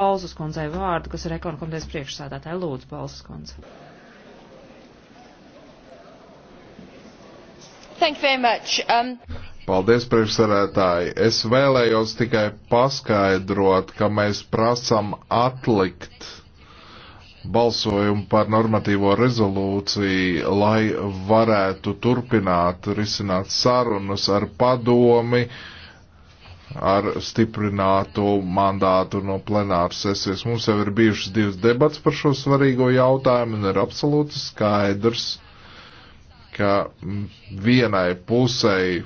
Balzas kundzei vārdu, kas ir ekonomikas priekšsādātāja. Lūdzu, Balzas kundze. Um... Paldies, priekšsarētāji. Es vēlējos tikai paskaidrot, ka mēs prasam atlikt balsojumu par normatīvo rezolūciju, lai varētu turpināt risināt sarunas ar padomi, uh, ar stiprinātu mandātu no plenāras sesijas. Mums jau ir bijušas divas debats par šo svarīgo jautājumu un ir absolūti skaidrs, ka vienai pusei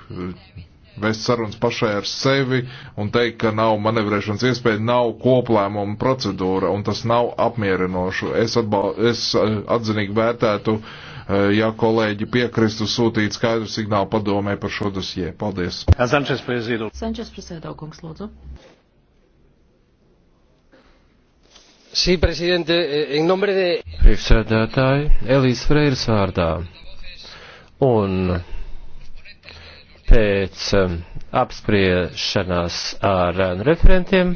vēst sarunas pašai ar sevi un teikt, ka nav manevrēšanas iespēja, nav koplēmuma procedūra un tas nav apmierinošu. Es, atbal, es eh, atzinīgi vērtētu uh, Eh, ja kolēģi piekristu sūtīt skaidru signālu padomē par šo dosie. Paldies. Sančes prezidents. Sančes prezidents, kungs, lūdzu. Sí, presidente, eh, en nombre de... Priekšsēdētāji, Elīs Freiras vārdā. Un pēc eh, apspriešanās ar referentiem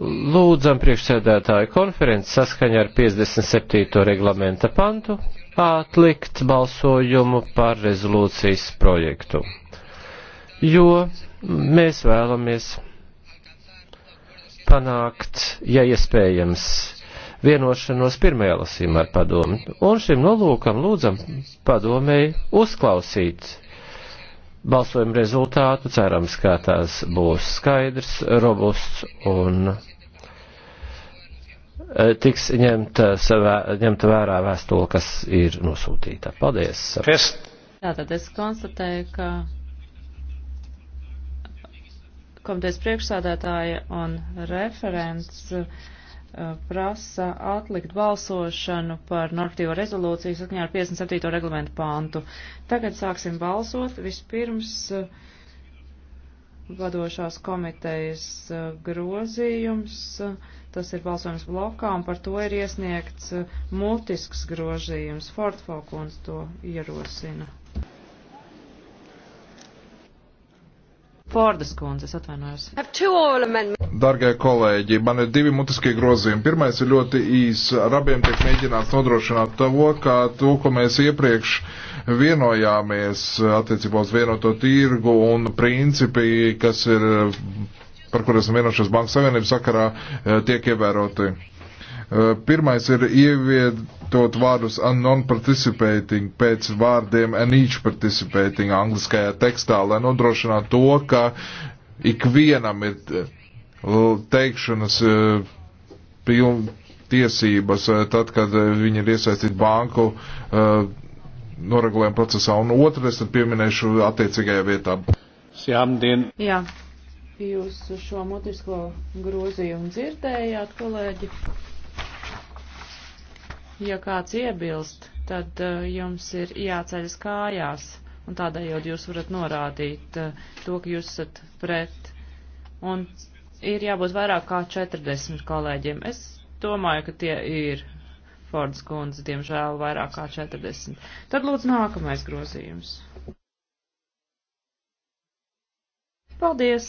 Lūdzam priekšsēdētāju konferenci saskaņā ar 57. reglamenta pantu atlikt balsojumu par rezolūcijas projektu, jo mēs vēlamies panākt, ja iespējams, vienošanos pirmajā lasīmā ar padomu. Un šim nolūkam lūdzam padomēji uzklausīt balsojuma rezultātu, cerams, ka tās būs skaidrs, robusts un Eh, tiks ņemta, eh, savā, ņemta vērā vēstule, kas ir nosūtīta. Paldies! Fest. Tātad es konstatēju, ka komitejas priekšsādātāja un referents eh, prasa atlikt balsošanu par normatīvo rezolūciju saskaņā ar 57. reglamentu pāntu. Tagad sāksim balsot. Vispirms. Uh, vadošās komitejas eh, grozījums. Eh, tas ir balsojums blokā, un par to ir iesniegts eh, multisks grozījums. Fortfokons to ierosina. Fordas kundze, es atvainojos. Dargie kolēģi, man ir divi mutiskie grozījumi. Pirmais ir ļoti īs. Ar abiem tiek mēģināts nodrošināt to, kā to, ko mēs iepriekš uh, vienojāmies attiecībā uz vienoto tirgu un principi, kas ir, par kuriem esam vienojušies Banka Savienības sakarā, eh, tiek ievēroti. Eh, pirmais ir ievietot vārdus non-participating pēc vārdiem and each participating angliskajā tekstā, lai nodrošinātu to, ka ikvienam ir eh, teikšanas piln tiesības, tad, kad viņi ir iesaistīti banku uh, noregulējuma procesā, un otru es tad pieminēšu attiecīgajā vietā. Jā, jūs šo mutisko grozījumu dzirdējāt, kolēģi. Ja kāds iebilst, tad uh, jums ir jāceļas kājās, un tādējādi jūs varat norādīt uh, to, ka jūs esat pret. Un ir jābūt vairāk kā 40 kolēģiem. Es domāju, ka tie ir Fords kundze, diemžēl vairāk kā 40. Tad lūdzu nākamais grozījums. Paldies!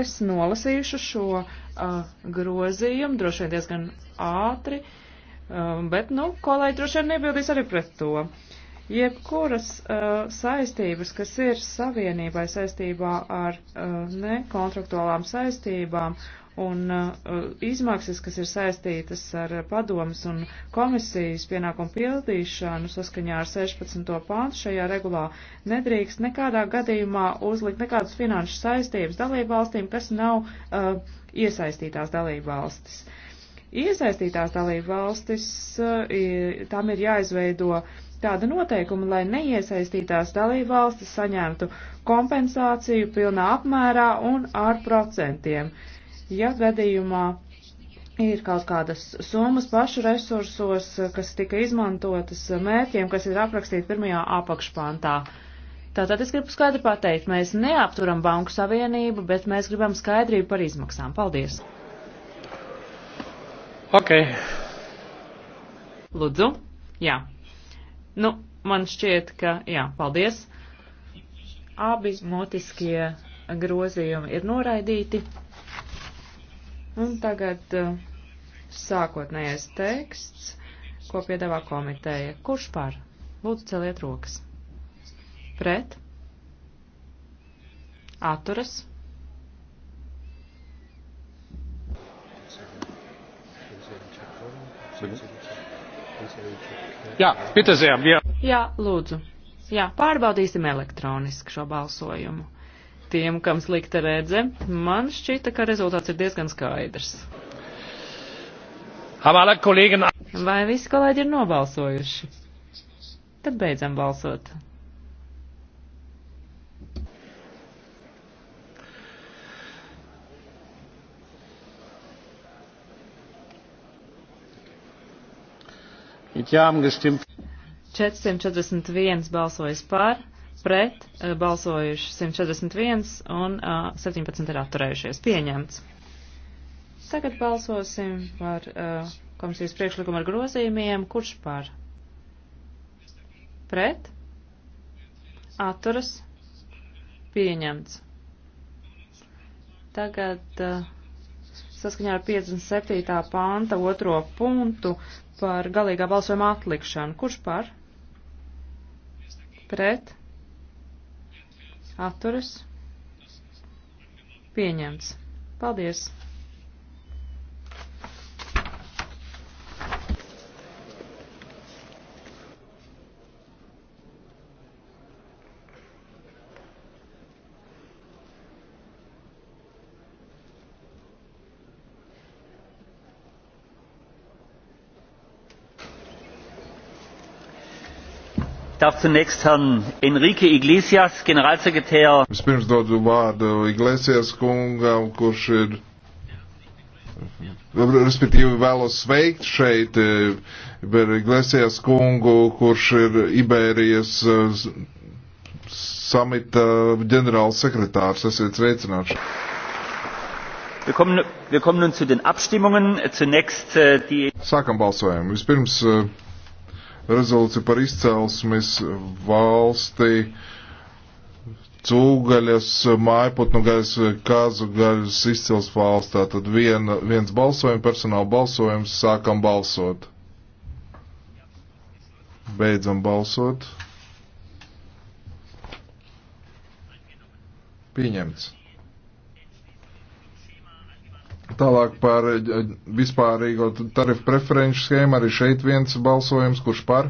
Es nolasīšu šo uh, grozījumu, droši vien diezgan ātri, um, bet, nu, kolēģi droši vien nebildīs arī pret to. Uh, Jebkuras uh, saistības, kas ir savienībai saistībā ar uh, nekontraktuālām saistībām un uh, izmaksas, kas ir saistītas ar padomas un komisijas pienākumu pildīšanu saskaņā ar 16. pāntu šajā regulā, nedrīkst nekādā gadījumā uzlikt nekādas finanšu saistības dalībvalstīm, kas nav uh, iesaistītās dalībvalstis. Iesaistītās dalībvalstis, uh, tām ir jāizveido uh, tāda noteikuma, lai neiesaistītās dalībvalstis saņemtu kompensāciju pilnā apmērā un ar procentiem. Ja gadījumā ir kaut kādas summas pašu resursos, kas tika izmantotas mērķiem, kas ir aprakstīti pirmajā apakšpantā. Tātad es gribu skaidri pateikt, mēs neapturam Banku Savienību, bet mēs gribam skaidrību par izmaksām. Paldies! Ok. Lūdzu? Jā. Nu, man šķiet, ka jā, paldies. Abi motiskie grozījumi ir noraidīti. Un tagad sākotnējais teksts, ko piedāvā komiteja. Kurš par? Lūdzu, celiet rokas. Pret? Atturas? Segundo. Jā, pitezējām, jā. Jā, lūdzu. Jā, pārbaudīsim elektroniski šo balsojumu. Tiem, kam slikta redze, man šķita, ka rezultāts ir diezgan skaidrs. Vai visi kolēģi ir nobalsojuši? Tad beidzam balsot. 441 balsojis par, pret eh, balsojuši 141 un uh, eh, 17 ir atturējušies. Pieņemts. Tagad balsosim par uh, komisijas priekšlikumu ar grozījumiem. Kurš par? Pret? Atturas? Pieņemts. Tagad. Uh, saskaņā ar 57. pānta otro punktu par galīgā balsojuma atlikšanu. Kurš par? Pret? Atturas? Pieņemts. Paldies! zunächst Herrn Enrique Iglesias, Generalsekretär. Vispirms dodu vārdu Iglesias kungam, kurš ir, respektīvi vēlos sveikt šeit eh, Iglesias kungu, kurš ir Iberijas eh, samita ģenerālsekretārs. Esiet sveicināts. Wir kommen, wir kommen nun zu den Abstimmungen. Zunächst eh, die. Sākam balsojumu. Vispirms. Uh, rezolūcija par izcelsmes valsti, cūgaļas, mājputnu gaļas, kāzu gaļas izcels valsts. Tātad viena, viens balsojums, personāla balsojums, sākam balsot. Beidzam balsot. Pieņemts. Tālāk par eh, vispārīgo tarifu preferenču schēmu arī šeit viens balsojums, kurš par?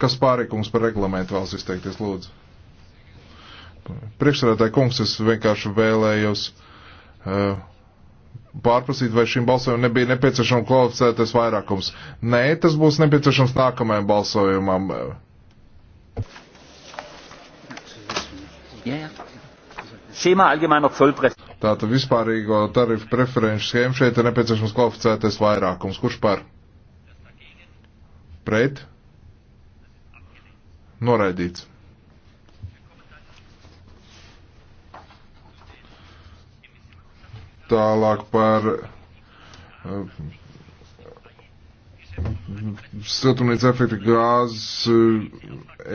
Kas pārīkums par reglamentu vēlas izteikties, lūdzu? Priekšsēdētāji kungs, es vienkārši vēlējos uh, pārprasīt, vai šim balsojumam nebija nepieciešama kvalificētais vairākums. Nē, tas būs nepieciešams nākamajam balsojumam. Yeah. Schema allgemeiner Zollpreis. Tātad vispārīgo tarifu preferenču schēmu šeit ir nepieciešams kvalificētais vairākums. Kurš par? Pret? Noraidīts. Tālāk par eh, siltumnīca efekta gāzes eh,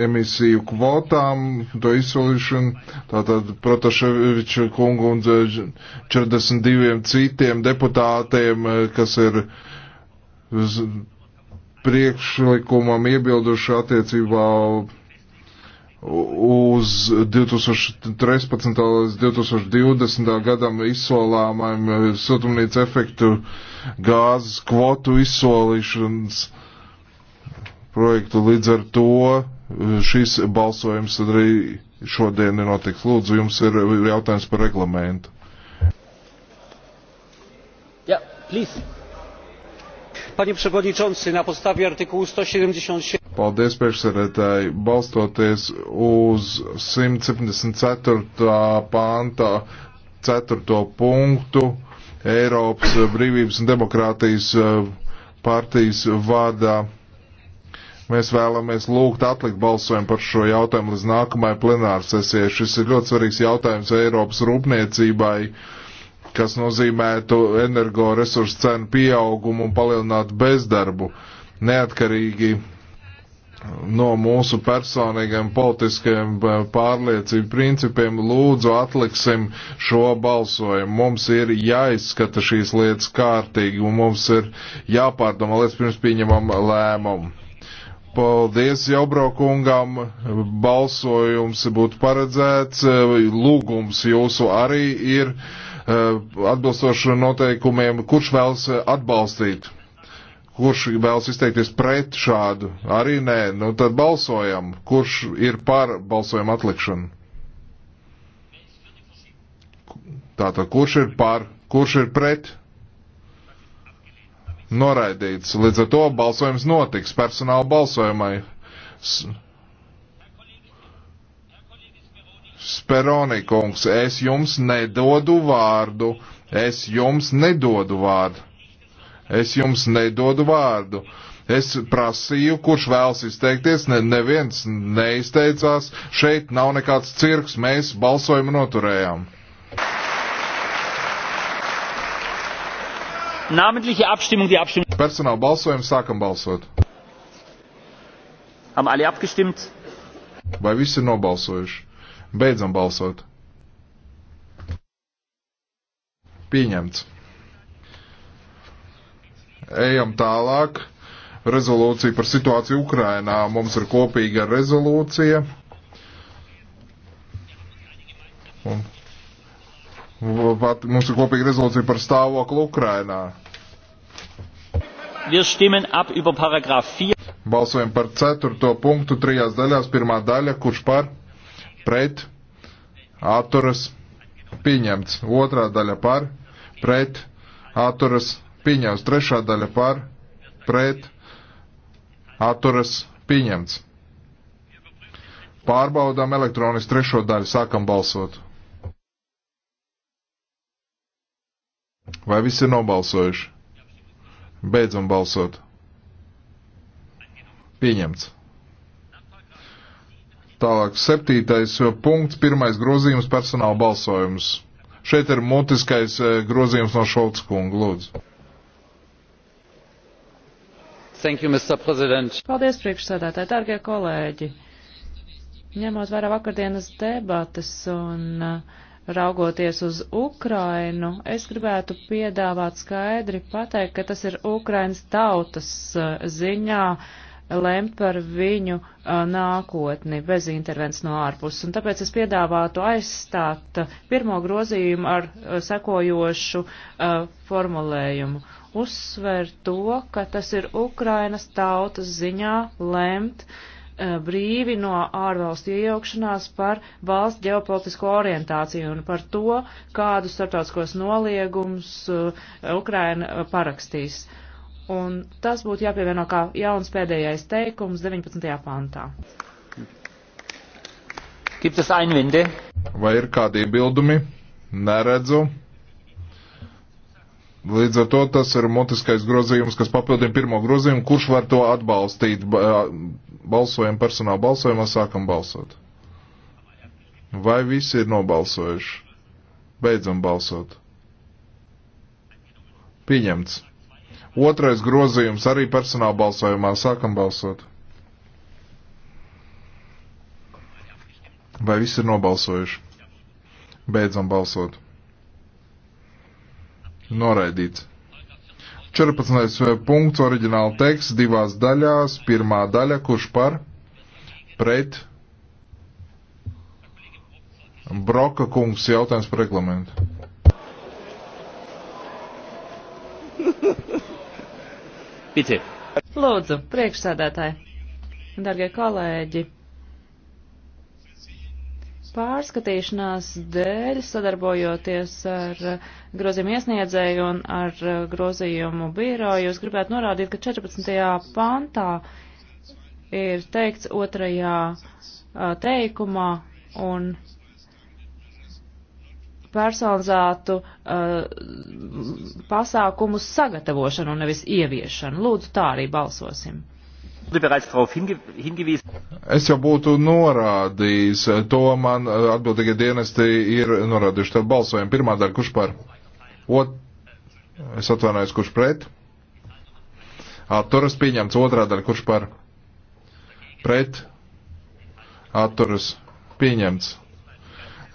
emisiju kvotām, to izsolīšanu, tātad Protaševiča kungu un 42 citiem deputātiem, eh, kas ir priekšlikumam iebilduši attiecībā uz 2013. līdz 2020. gadam izsolāmajam eh, siltumnīca efektu gāzes kvotu izsolīšanas projektu. Līdz ar to eh, šis balsojums arī šodien nenotiks. Lūdzu, jums ir jautājums par reglamentu. Ja, please. Panie przewodniczący, na podstawie artykułu 177 Paldies, priekšsēdētāji. Balstoties uz 174. pānta 4. punktu Eiropas brīvības un demokrātijas eh, partijas vārdā. Mēs vēlamies lūgt atlikt balsojumu par šo jautājumu līdz nākamajai plenārsesijai. Šis ir ļoti svarīgs jautājums Eiropas rūpniecībai, kas nozīmētu energoresursu cenu pieaugumu un palielinātu bezdarbu neatkarīgi no mūsu personīgiem politiskajiem eh, pārliecību principiem lūdzu atliksim šo balsojumu. Mums ir jāizskata šīs lietas kārtīgi un mums ir jāpārdomā lietas pirms pieņemam lēmumu. Paldies Jaubraukungam, balsojums būtu paredzēts, lūgums jūsu arī ir eh, atbilstoši noteikumiem, kurš vēlas atbalstīt. Kurš vēlas izteikties pret šādu? Arī nē. Nu tad balsojam. Kurš ir par balsojumu atlikšanu? Tātad, kurš ir par? Kurš ir pret? Noraidīts. Līdz ar to balsojums notiks personāla balsojumai. S Speronikungs, es jums nedodu vārdu. Es jums nedodu vārdu. Es jums nedodu vārdu. Es prasīju, kurš vēlas izteikties, ne, neviens neizteicās. Šeit nav nekāds cirks, mēs balsojumu noturējām. Namentliche Abstimmung, die Abstimmung. Personāla balsojumu sākam balsot. Haben alle abgestimmt? Vai visi ir nobalsojuši? Beidzam balsot. Pieņemts. Ejam tālāk. Rezolūcija par situāciju Ukrainā. Mums ir kopīga rezolūcija. Un, pat, mums ir kopīga rezolūcija par stāvokli Ukrainā. Balsojam par ceturto punktu trijās daļās. Pirmā daļa, kurš par, pret, atturas, pieņemts. Otrā daļa par, pret, atturas, pieņemts. Trešā daļa par, pret, atturas pieņemts. Pārbaudām elektronisku trešo daļu, sākam balsot. Vai visi ir nobalsojuši? Beidzam balsot. Pieņemts. Tālāk, septītais eh, punkts, pirmais grozījums, personāla balsojums. Šeit ir mutiskais eh, grozījums no Šolts kunga, lūdzu. You, Paldies, priekšsēdētāji, dārgie kolēģi! Ņemot vērā vakardienas debatas un uh, raugoties uz Ukrainu, es gribētu piedāvāt skaidri pateikt, ka tas ir Ukrainas tautas uh, ziņā lemt par viņu a, uh, nākotni bez intervences no ārpuses. Un tāpēc es piedāvātu aizstāt pirmo grozījumu ar a, sekojošu a, formulējumu uzsver to, ka tas ir Ukrainas tautas ziņā lemt e, brīvi no ārvalstu iejaukšanās par valsts ģeopolitisko orientāciju un par to, kādus starptautiskos noliegumus e, Ukraina e, parakstīs. Un tas būtu jāpievieno kā jauns pēdējais teikums 19. pantā. Vai ir kādi iebildumi? Neredzu. Līdz ar to tas ir mutiskais grozījums, kas papildina pirmo grozījumu. Kurš var to atbalstīt? Balsojam personāla balsojumā, sākam balsot. Vai visi ir nobalsojuši? Beidzam balsot. Pieņemts. Otrais grozījums arī personāla balsojumā, sākam balsot. Vai visi ir nobalsojuši? Beidzam balsot. Noraidīts. 14. Eh, punkts, oriģināla teksts, divās daļās. Pirmā daļa, kurš par, pret, Broka kungs, jautājums par reglamentu. Pici. Lūdzu, priekšsādātāji, dargie kolēģi pārskatīšanās dēļ, sadarbojoties ar uh, grozījumu iesniedzēju un ar uh, grozījumu biroju, es gribētu norādīt, ka 14. pantā ir teikts otrajā uh, teikumā un personalizētu pasākumu sagatavošanu un nevis ieviešanu. Lūdzu, tā arī balsosim. Es jau būtu norādījis, to man eh, atbildīgie dienesti ir norādījuši. Tad balsojam pirmā daļa, kurš par? Ot, es atvainojos, kurš pret? Atturas pieņemts otrā daļa, kurš par? Pret? Atturas pieņemts.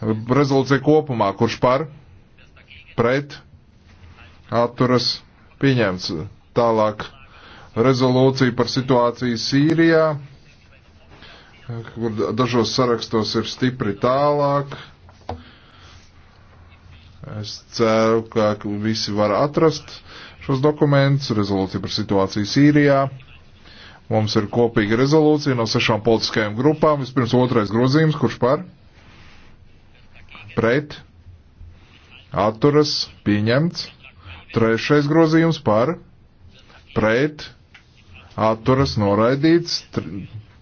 Rezolūcija kopumā, kurš par? Pret? Atturas pieņemts. Tālāk rezolūciju par situāciju Sīrijā, kur dažos sarakstos ir stipri tālāk. Es ceru, ka visi var atrast šos dokumentus, rezolūciju par situāciju Sīrijā. Mums ir kopīga rezolūcija no sešām politiskajām grupām. Vispirms otrais grozījums, kurš par? Pret. Atturas. Pieņemts. Trešais grozījums par? Pret atturas noraidīts.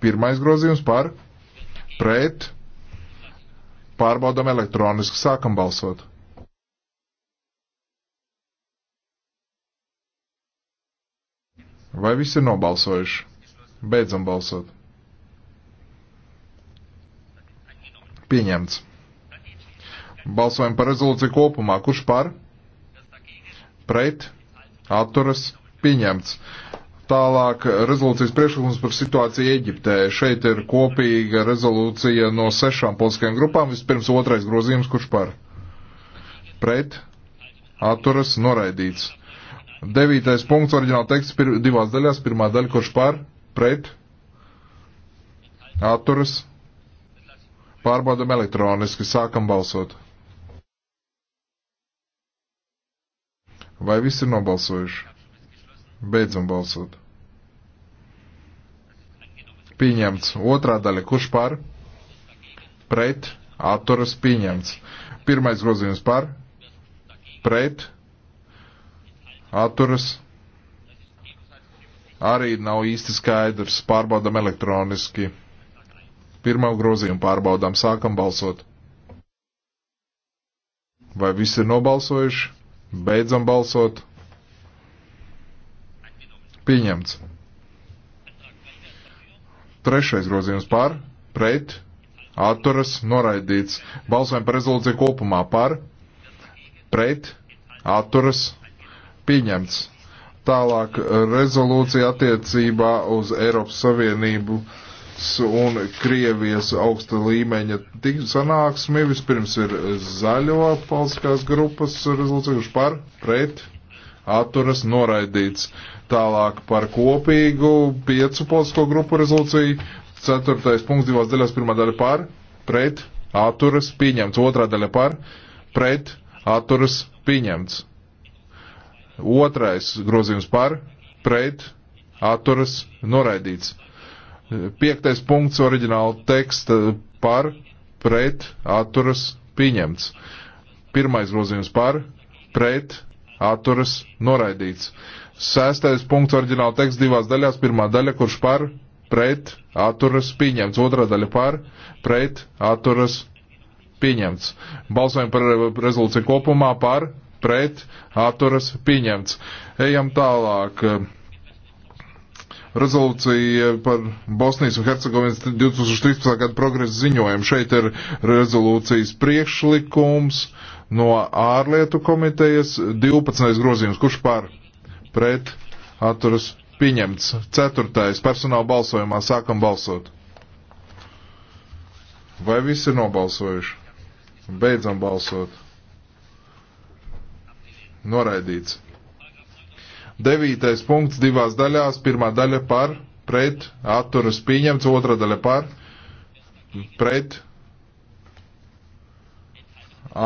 Pirmais grozījums par pret. Pārbaudam elektroniski, sākam balsot. Vai visi ir nobalsojuši? Beidzam balsot. Pieņemts. Balsojam par rezolūciju kopumā. Kurš par? Pret? Atturas? Pieņemts. Tālāk rezolūcijas priekšlikums par situāciju Eģiptē. Šeit ir kopīga rezolūcija no sešām politiskajām grupām. Vispirms otrais grozījums, kurš par? Pret? Atturas? Noraidīts. Devītais punkts, oriģināla teksts pir, divās daļās. Pirmā daļa, kurš par? Pret? Atturas? Pārbaudam elektroniski, sākam balsot. Vai visi ir nobalsojuši? Beidzam balsot pieņemts. Otrā daļa, kurš par? Pret, atturas pieņemts. Pirmais grozījums par? Pret, atturas. Arī nav īsti skaidrs. Pārbaudam elektroniski. Pirmā grozījuma pārbaudām. Sākam balsot. Vai visi ir nobalsojuši? Beidzam balsot. Pieņemts. Trešais grozījums par, pret, atturas, noraidīts. Balsojam par rezolūciju kopumā par, pret, atturas, pieņemts. Tālāk rezolūcija attiecībā uz Eiropas Savienību un Krievijas augsta līmeņa sanāksmi. Vispirms ir zaļo politiskās grupas rezolūcija, kurš par, pret, atturas, noraidīts. Tālāk par kopīgu piecu politisko grupu rezolūciju. Ceturtais punkts divās daļās. Pirmā daļa par, pret, atturas, pieņemts. Otrā daļa par, pret, atturas, pieņemts. Otrais grozījums par, pret, atturas, noraidīts. Piektais punkts oriģināla teksta par, pret, atturas, pieņemts. Pirmais grozījums par, pret, atturas, noraidīts. Sestais punkts oriģināla teksts divās daļās. Pirmā daļa, kurš par, pret, atturas, pieņemts. Otrā daļa par, pret, atturas, pieņemts. Balsojam par rezolūciju kopumā par, pret, atturas, pieņemts. Ejam tālāk. Rezolūcija par Bosnijas un Hercegovinas 2013. gada progresu ziņojumu. Šeit ir rezolūcijas priekšlikums no ārlietu komitejas 12. grozījums. Kurš par? pret atturas pieņemts. Ceturtais personāla balsojumā sākam balsot. Vai visi ir nobalsojuši? Beidzam balsot. Noraidīts. Devītais punkts divās daļās. Pirmā daļa par, pret, atturas pieņemts, otra daļa par, pret,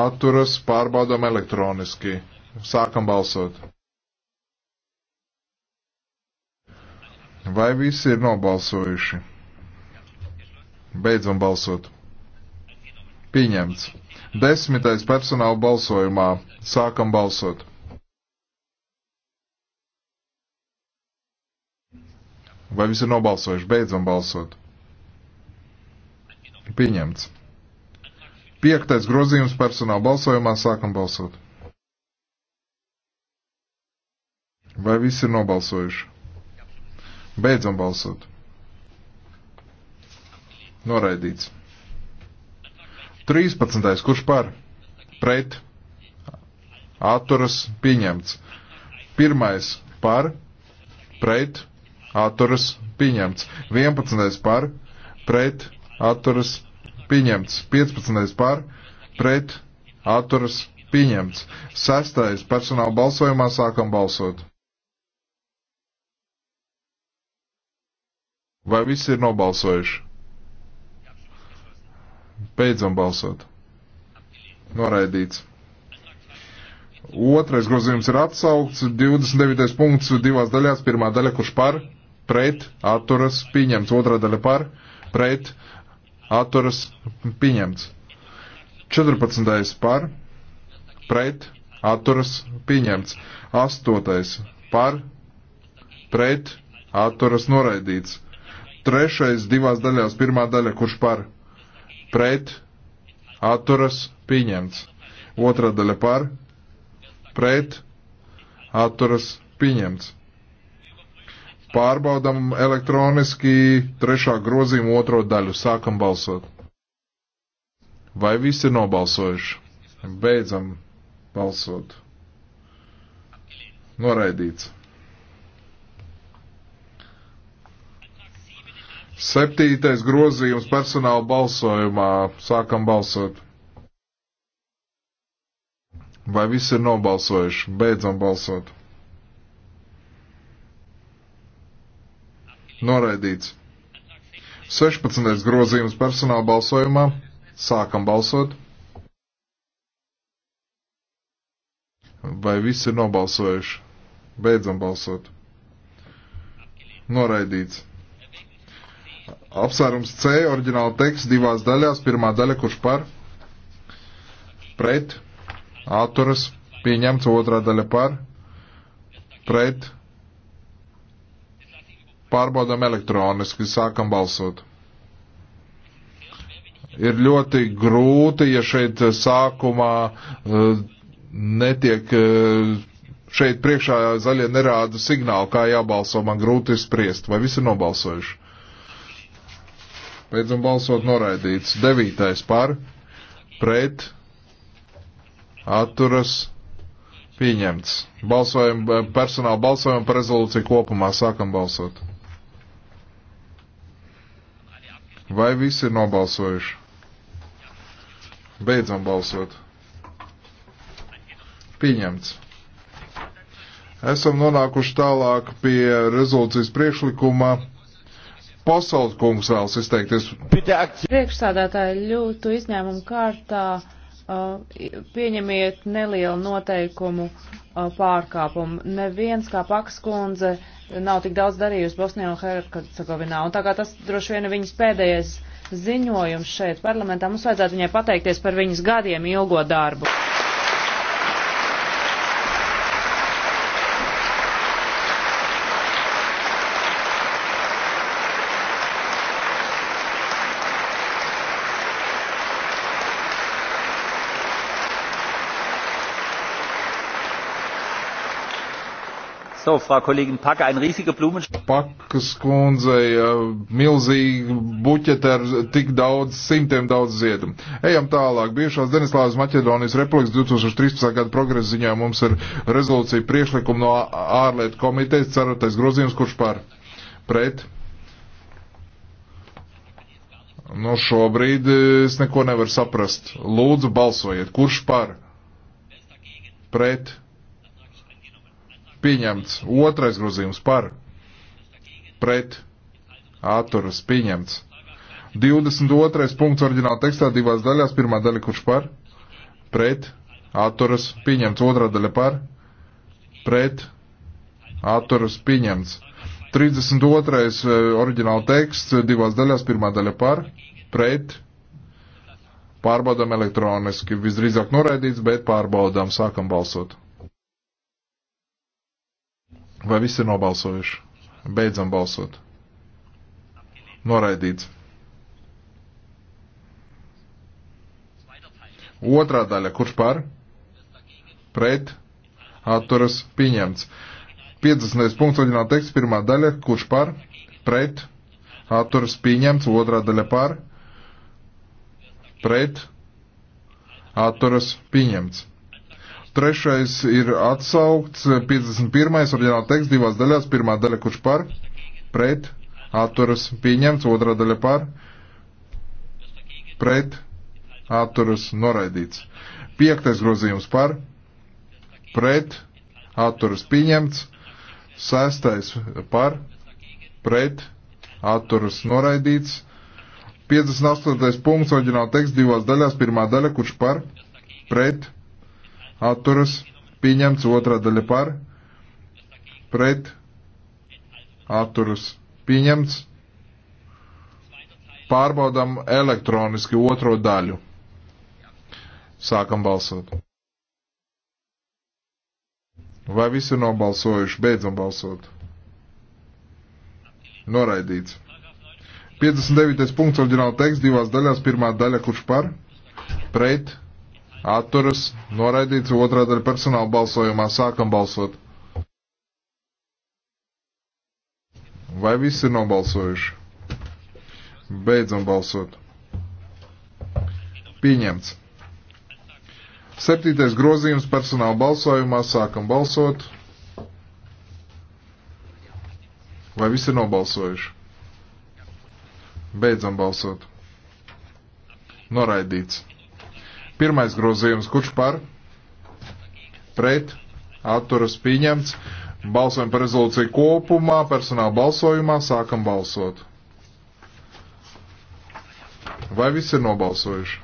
atturas pārbaudam elektroniski. Sākam balsot. Vai visi ir nobalsojuši? Beidzam balsot. Pieņemts. Desmitais personāla balsojumā. Sākam balsot. Vai visi ir nobalsojuši? Beidzam balsot. Pieņemts. Piektais grozījums personāla balsojumā. Sākam balsot. Vai visi ir nobalsojuši? Beidzam balsot. Noraidīts. 13. Kurš par? Pret. Atturas pieņemts. Pirmais par. Pret. Atturas pieņemts. 11. par. Pret. Atturas pieņemts. 15. par. Pret. Atturas pieņemts. 6. personāla balsojumā sākam balsot. Vai visi ir nobalsojuši? Beidzam balsot. Noraidīts. Otrais grozījums ir atsaukts. 29. punkts divās daļās. Pirmā daļa, kurš par, pret, atturas, pieņemts. Otrā daļa par, pret, atturas, pieņemts. 14. par, pret, atturas, pieņemts. 8. par, pret, atturas, noraidīts. Trešais divās daļās. Pirmā daļa, kurš par pret atturas pieņemts. Otra daļa par pret atturas pieņemts. Pārbaudam elektroniski trešā grozījuma otro daļu. Sākam balsot. Vai visi ir nobalsojuši? Beidzam balsot. Noraidīts. Septītais grozījums personāla balsojumā. Sākam balsot. Vai visi ir nobalsojuši? Beidzam balsot. Noraidīts. 16. grozījums personāla balsojumā. Sākam balsot. Vai visi ir nobalsojuši? Beidzam balsot. Noraidīts. Apsvērums C, oriģināla teksts divās daļās. Pirmā daļa, kurš par, pret, atturas, pieņemts. Otrā daļa par, pret, pārbaudām elektroniski, sākam balsot ir ļoti grūti, ja šeit sākumā uh, netiek, uh, šeit priekšā zaļie nerāda signālu, kā jābalso, man grūti spriest, vai visi ir nobalsojuši. Beidzam balsot noraidīts. Devītais par, pret, atturas, pieņemts. Balsojam, eh, personāla balsojam par rezolūciju kopumā. Sākam balsot. Vai visi ir nobalsojuši? Beidzam balsot. Pieņemts. Esam nonākuši tālāk pie rezolūcijas priekšlikuma. Posalkungs vēlas izteikties. Priekšsādātāji ļūtu izņēmumu kārtā uh, pieņemiet nelielu noteikumu uh, pārkāpumu. Neviens, kā Paks kundze, nav tik daudz darījusi Bosnijā un Hercegovinā. Un tā kā tas droši vien viņas pēdējais ziņojums šeit parlamentā, mums vajadzētu viņai pateikties par viņas gadiem ilgo darbu. So, Frau Kollegin Pack, ein riesiger Blumenstrauß. Pakas kundzei milzīgi buķeti ar tik daudz, simtiem daudz ziedumu. Ejam tālāk. Bijušās Denislāvas Maķedonijas Republikas 2013. gada progresa ziņā mums ir rezolūcija priekšlikuma no ārlietu komitejas cerotais grozījums, kurš par pret. Nu, šobrīd es neko nevaru saprast. Lūdzu, balsojiet. Kurš par? Pret pieņemts. Otrais grozījums par pret atturas pieņemts. 22. punkts oriģināla tekstā divās daļās. Pirmā daļa kurš par pret atturas pieņemts. Otrā daļa par pret atturas pieņemts. 32. Eh, oriģināla teksts divās daļās. Pirmā daļa par pret. Pārbaudām elektroniski. Visdrīzāk noraidīts, bet pārbaudām. Sākam balsot. Vai visi ir nobalsojuši? Beidzam balsot. Noraidīts. Otrā daļa, kurš par? Pret. Atturas pieņemts. 50. punkts oriģināla teksts, pirmā daļa, kurš par? Pret. Atturas pieņemts. Otrā daļa par? Pret. Atturas pieņemts. Trešais ir atsaukts, 51. oriģināla teksts divās daļās, pirmā daļa kurš par, pret, atturas pieņemts, otrā daļa par, pret, atturas noraidīts. Piektais grozījums par, pret, atturas pieņemts, sestais par, pret, atturas noraidīts. 58. punkts, oriģināla teksts divās daļās, pirmā daļa kurš par, pret, atturas, pieņemts otrā daļa par, pret, atturas, pieņemts. Pārbaudām elektroniski otro daļu. Sākam balsot. Vai visi ir nobalsojuši? Beidzam balsot. Noraidīts. 59. punkts, orģināla teksts, divās daļās. Pirmā daļa, kurš par? Pret atturas, noraidīts, otrā daļa personāla balsojumā, sākam balsot. Vai visi ir nobalsojuši? Beidzam balsot. Pieņemts. Septītais grozījums personāla balsojumā, sākam balsot. Vai visi ir nobalsojuši? Beidzam balsot. Noraidīts. Pirmais grozījums, kurš par? Pret, atturas pieņemts. Balsojam par rezolūciju kopumā, personāla balsojumā, sākam balsot. Vai visi ir nobalsojuši?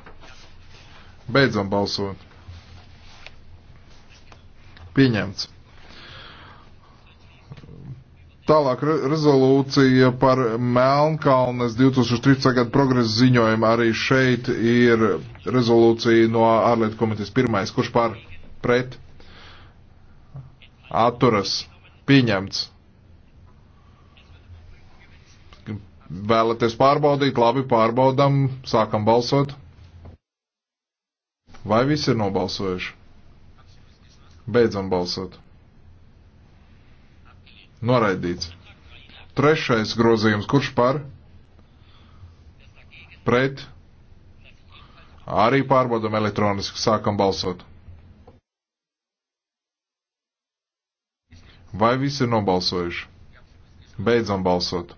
Beidzam balsot. Pieņemts. Tālāk rezolūcija par Melnkalnes 2013. gada progresa ziņojumu. Arī šeit ir rezolūcija no ārlietu komitejas pirmais. Kurš par pret? Atturas. Pieņemts. Vēlaties pārbaudīt? Labi, pārbaudam. Sākam balsot. Vai visi ir nobalsojuši? Beidzam balsot. Noraidīts. Trešais grozījums. Kurš par? Pret. Arī pārbaudam elektroniski. Sākam balsot. Vai visi ir nobalsojuši? Beidzam balsot.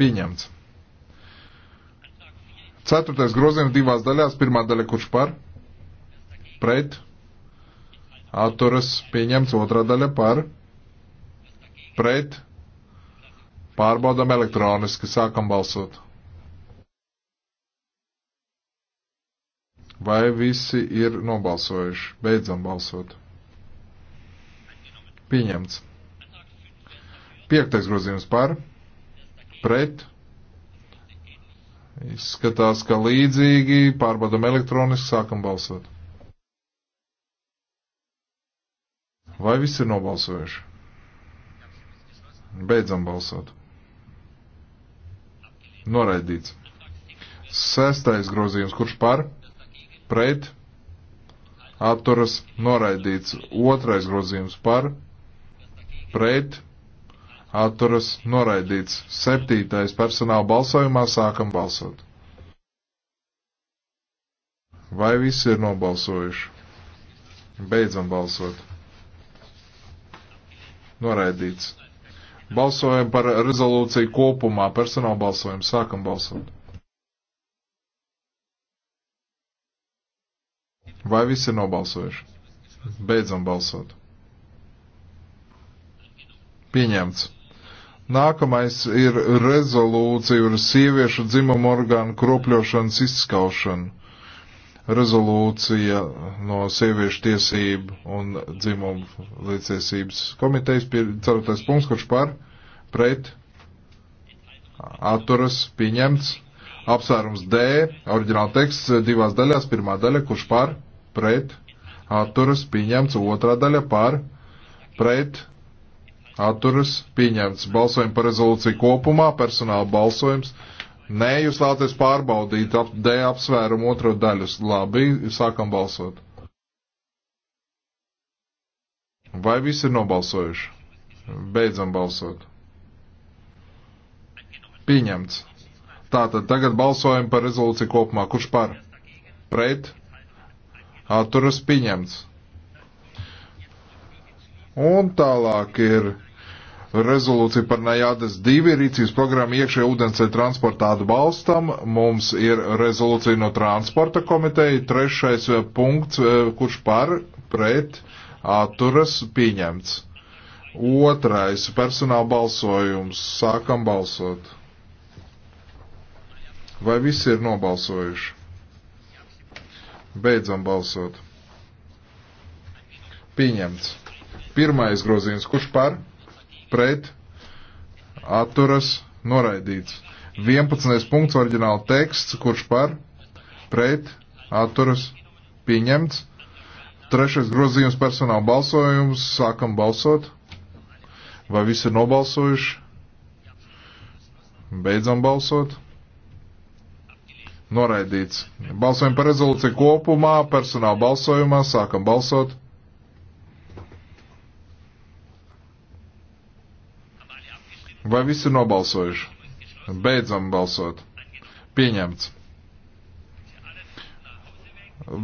Pieņemts. Ceturtais grozījums divās daļās. Pirmā daļa kurš par? Pret atturas pieņemts otrā daļa par pret pārbaudam elektroniski, sākam balsot. Vai visi ir nobalsojuši? Beidzam balsot. Pieņemts. Piektais grozījums par pret. Izskatās, ka līdzīgi pārbaudam elektroniski, sākam balsot. Vai viss ir nobalsojuši? Beidzam balsot. Noraidīts. Sestais grozījums, kurš par, pret, atturas, noraidīts. Otrais grozījums par, pret, atturas, noraidīts. Septītais personāla balsojumā sākam balsot. Vai visi ir nobalsojuši? Beidzam balsot. Noraidīts. Balsojam par rezolūciju kopumā. Personāla balsojumu. Sākam balsot. Vai visi ir nobalsojuši? Beidzam balsot. Pieņemts. Nākamais ir rezolūcija par sieviešu dzimumu orgānu kropļošanas izskaušanu rezolūcija no sieviešu tiesību un dzimumu līdztiesības komitejas. Ceturtais punkts, kurš par, pret, atturas, pieņemts. Apsvērums D, oriģināla teksts divās daļās. Pirmā daļa, kurš par, pret, atturas, pieņemts. Otrā daļa par, pret, atturas, pieņemts. Balsojam par rezolūciju kopumā, personāla balsojums. Nē, jūs vēlaties pārbaudīt ap, D apsvērumu otro daļus. Labi, sākam balsot. Vai visi ir nobalsojuši? Beidzam balsot. Pieņemts. Tātad tagad balsojam par rezolūciju kopumā. Kurš par? Pret? Atturas pieņemts. Un tālāk ir rezolūcija par Najādas divi rīcības programmu iekšējā ūdensceļa transportā atbalstam. Mums ir rezolūcija no transporta komiteja, trešais eh, punkts, eh, kurš par, pret, atturas pieņemts. Otrais personāla balsojums. Sākam balsot. Vai visi ir nobalsojuši? Beidzam balsot. Pieņemts. Pirmais grozījums. Kurš par? pret atturas noraidīts. 11. punkts oriģināla teksts, kurš par pret atturas pieņemts. Trešais grozījums personāla balsojums. Sākam balsot. Vai visi ir nobalsojuši? Beidzam balsot. Noraidīts. Balsojam par rezolūciju kopumā. Personāla balsojumā. Sākam balsot. Vai visi ir nobalsojuši? Beidzam balsot. Pieņemts.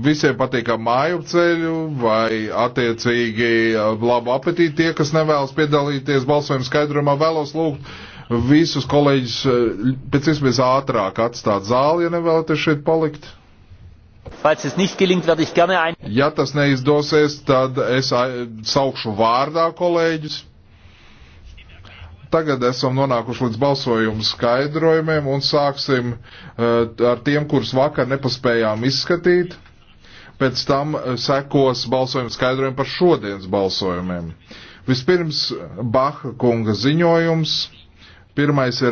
Visiem patīkam māju ceļu vai attiecīgi labu apetīti. Tie, kas nevēlas piedalīties balsojuma skaidrumā, vēlos lūgt visus kolēģus eh, pēc iespējas ātrāk atstāt zāli, ja nevēlaties šeit palikt. Ja tas neizdosies, tad es saukšu vārdā kolēģus. Tagad esam nonākuši līdz balsojumu skaidrojumiem un sāksim eh, ar tiem, kurus vakar nepaspējām izskatīt. Pēc tam eh, sekos balsojumu skaidrojumi par šodienas balsojumiem. Vispirms Baha kunga ziņojums. Pirmais ir